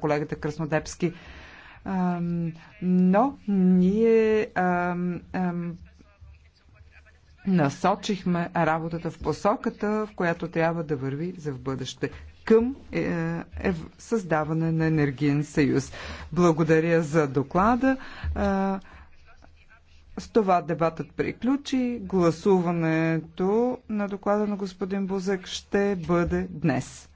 колегата Краснодепски. Но ние насочихме работата в посоката, в която трябва да върви за в бъдеще към е, е, създаване на енергиен съюз. Благодаря за доклада. Е, с това дебатът приключи. Гласуването на доклада на господин Бузък ще бъде днес.